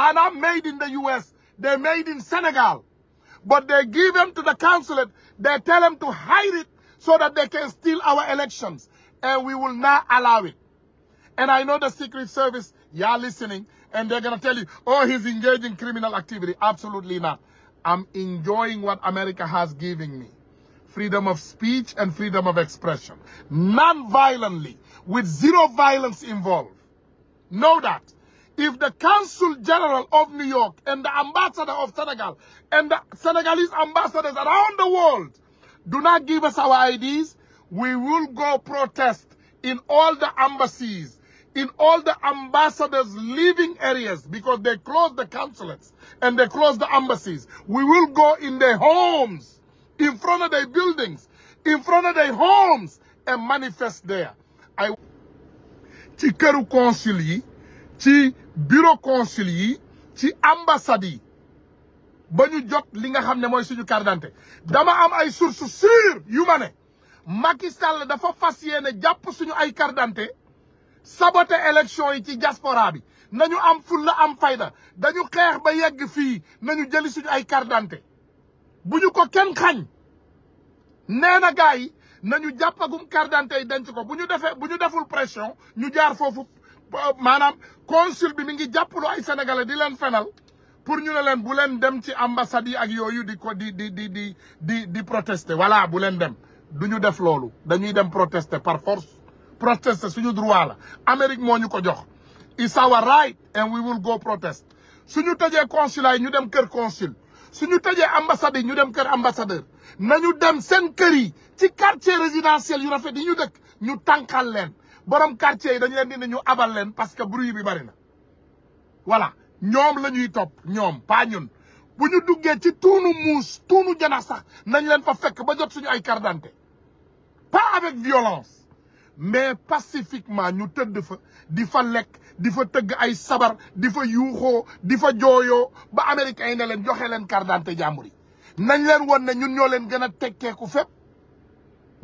are not made in the U.S. They're made in Senegal. But they give them to the consulate. They tell them to hide it so that they can steal our elections. And we will not allow it. And I know the Secret Service, you're listening, and they're going to tell you, oh, he's engaged in criminal activity. Absolutely not. I'm enjoying what America has given me. Freedom of speech and freedom of expression. Non-violently, with zero violence involved. Know that. if the Council General of New York and the ambassador of Senegal and the Senegalese ambassadors around the world do not give us our IDs, we will go protest in all the embassies, in all the ambassadors' living areas because they closed the consulates and they closed the embassies. We will go in their homes, in front of their buildings, in front of their homes and manifest there. I ci bureau consul yi ci ambassade yi ba ñu jot li nga xam ne mooy suñu carte d'identité dama am ay sources sûres yu ma ne Macky Sall dafa fas yéene jàpp suñu ay carte d'identité saboté yi ci diaspora bi nañu am fulla am fayda dañu xeex ba yegg fii nañu jëli suñu ay carte bu ñu ko kenn xañ nee na gars yi nañu jàppagum carte d'identité yi denc ko bu ñu defee bu ñu deful pression ñu jaar foofu maanaam consul bi mi ngi jàppalu ay sénégalais di leen fenal pour ñu ne leen bu leen dem ci ambassade yi ak yooyu di ko di di di di di di protester voilà bu leen dem du ñu def loolu dañuy dem protester par force protester suñu droit la Amérique moo ñu ko jox it's our right and we will go protest suñu tëjee consulat yi ñu dem kër consul suñu tëjee ambassade yi ñu dem kër ambassadeur nañu dem seen kër yi ci quartier résidentiel yu rafet yi ñu dëkk ñu tànkal leen borom quartier yi dañu leen di ne ñu abal leen parce que bruit bi bari na voilà ñoom la ñuy topp ñoom pas ñun bu ñu duggee ci tuunu muus tuunu janax sax nañ leen fa fekk ba jot suñu ay carte d'identité pas avec violence mais pacifiquement ñu tëdd fa di fa lekk di fa tëgg ay sabar di fa yuuxoo di fa jooyoo ba américains yi leen joxe leen carte d'identité jàmbur yi nañ leen won ne ñun ñoo leen gën a tekkeeku fépp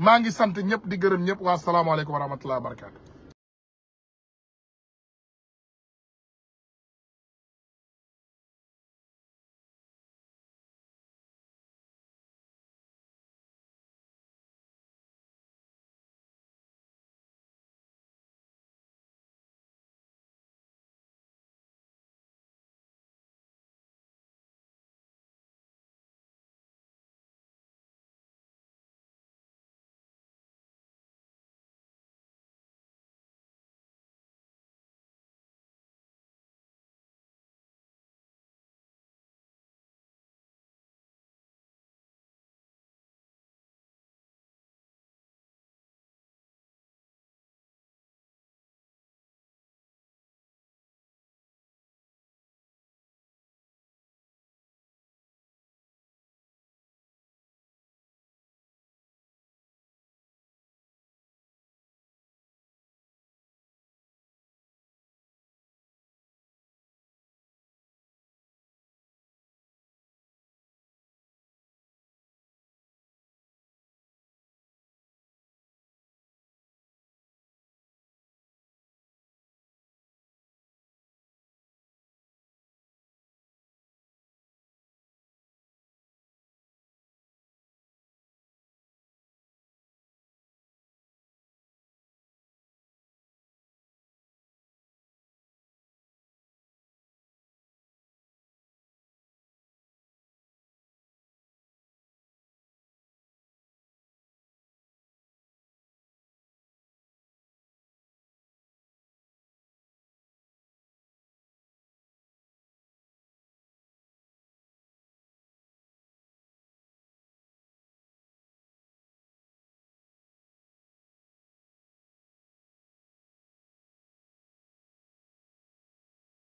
maa ngi sant ñëpp di gërëm ñëpp waa salaamaaleykum wa rahmatullahi wa barakatu